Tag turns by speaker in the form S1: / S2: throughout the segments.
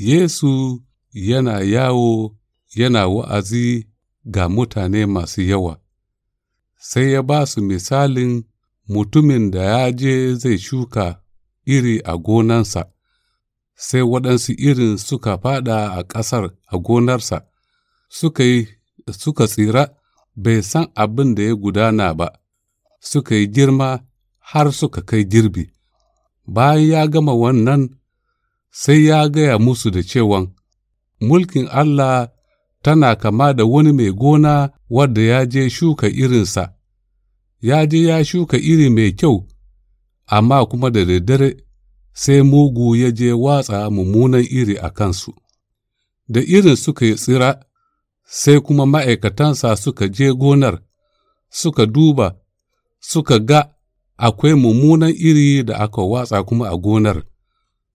S1: Yesu yana yawo yana wa'azi ga mutane masu yawa, sai ya ba su misalin mutumin da ya je zai shuka iri a gonansa, sai waɗansu irin suka faɗa a ƙasar a gonarsa, suka yi suka tsira bai san abin da ya gudana ba, suka yi girma har suka kai girbi. Bayan ya gama wannan, sai ya gaya musu da cewan, Mulkin Allah tana kama da wani mai gona wadda ya je shuka irinsa, ya je ya shuka iri mai kyau, amma kuma da daddare sai mugu ya je watsa mummunan iri a kansu. Da irin suka yi tsira, sai kuma ma'aikatansa suka je gonar, suka duba, suka ga akwai mummunan iri da aka watsa kuma a gonar.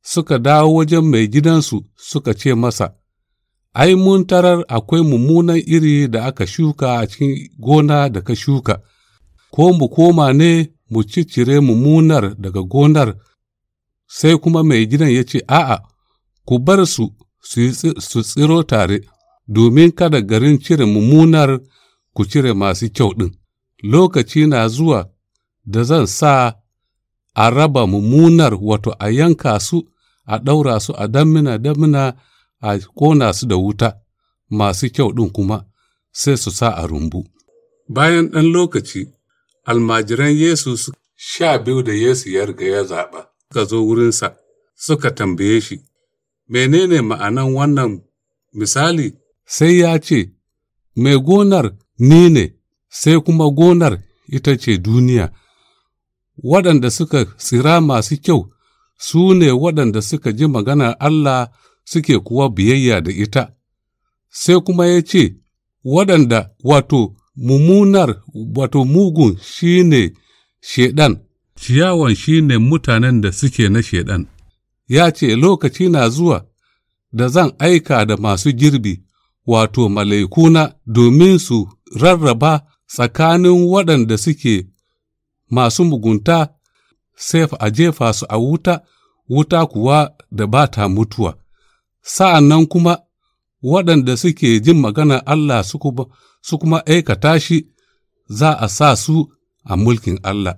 S1: suka dawo wajen mai gidansu suka ce masa, Ai, mun tarar akwai mummunan iri da aka shuka a cikin gona da ka shuka, ko mu koma ne mu ciccire mummunar daga gonar, sai kuma mai gidan ya ce, A'a, ku bar su su tsiro tare, domin kada garin cire mummunar ku cire masu kyau ɗin. Lokaci na zuwa da zan sa a raba mummunar wato a yanka su a ɗaura su a damina damina a kona su da wuta masu kyau ɗin kuma sai su sa a rumbu. Bayan ɗan lokaci, almajiran Yesu sha biyu da Yesu ya riga ya zaɓa suka zo wurinsa suka tambaye shi, menene ma'anan wannan misali? Sai ya ce, mai gonar ni ne, sai kuma gonar ita ce duniya. waɗanda suka tsira masu kyau su ne waɗanda suka ji maganar Allah suke kuwa biyayya da ita, sai kuma ya ce, waɗanda wato mummunar wato mugun shi ne shaiɗan, ciyawan shi ne mutanen da suke na shaiɗan, ya ce lokaci na zuwa da zan aika da masu girbi, wato malaikuna domin su rarraba tsakanin waɗanda suke masu mugunta sai a jefa su a wuta, wuta kuwa da ba ta mutuwa, sa'an nan kuma waɗanda suke jin magana Allah su kuma aikata shi, za a sa su a mulkin Allah.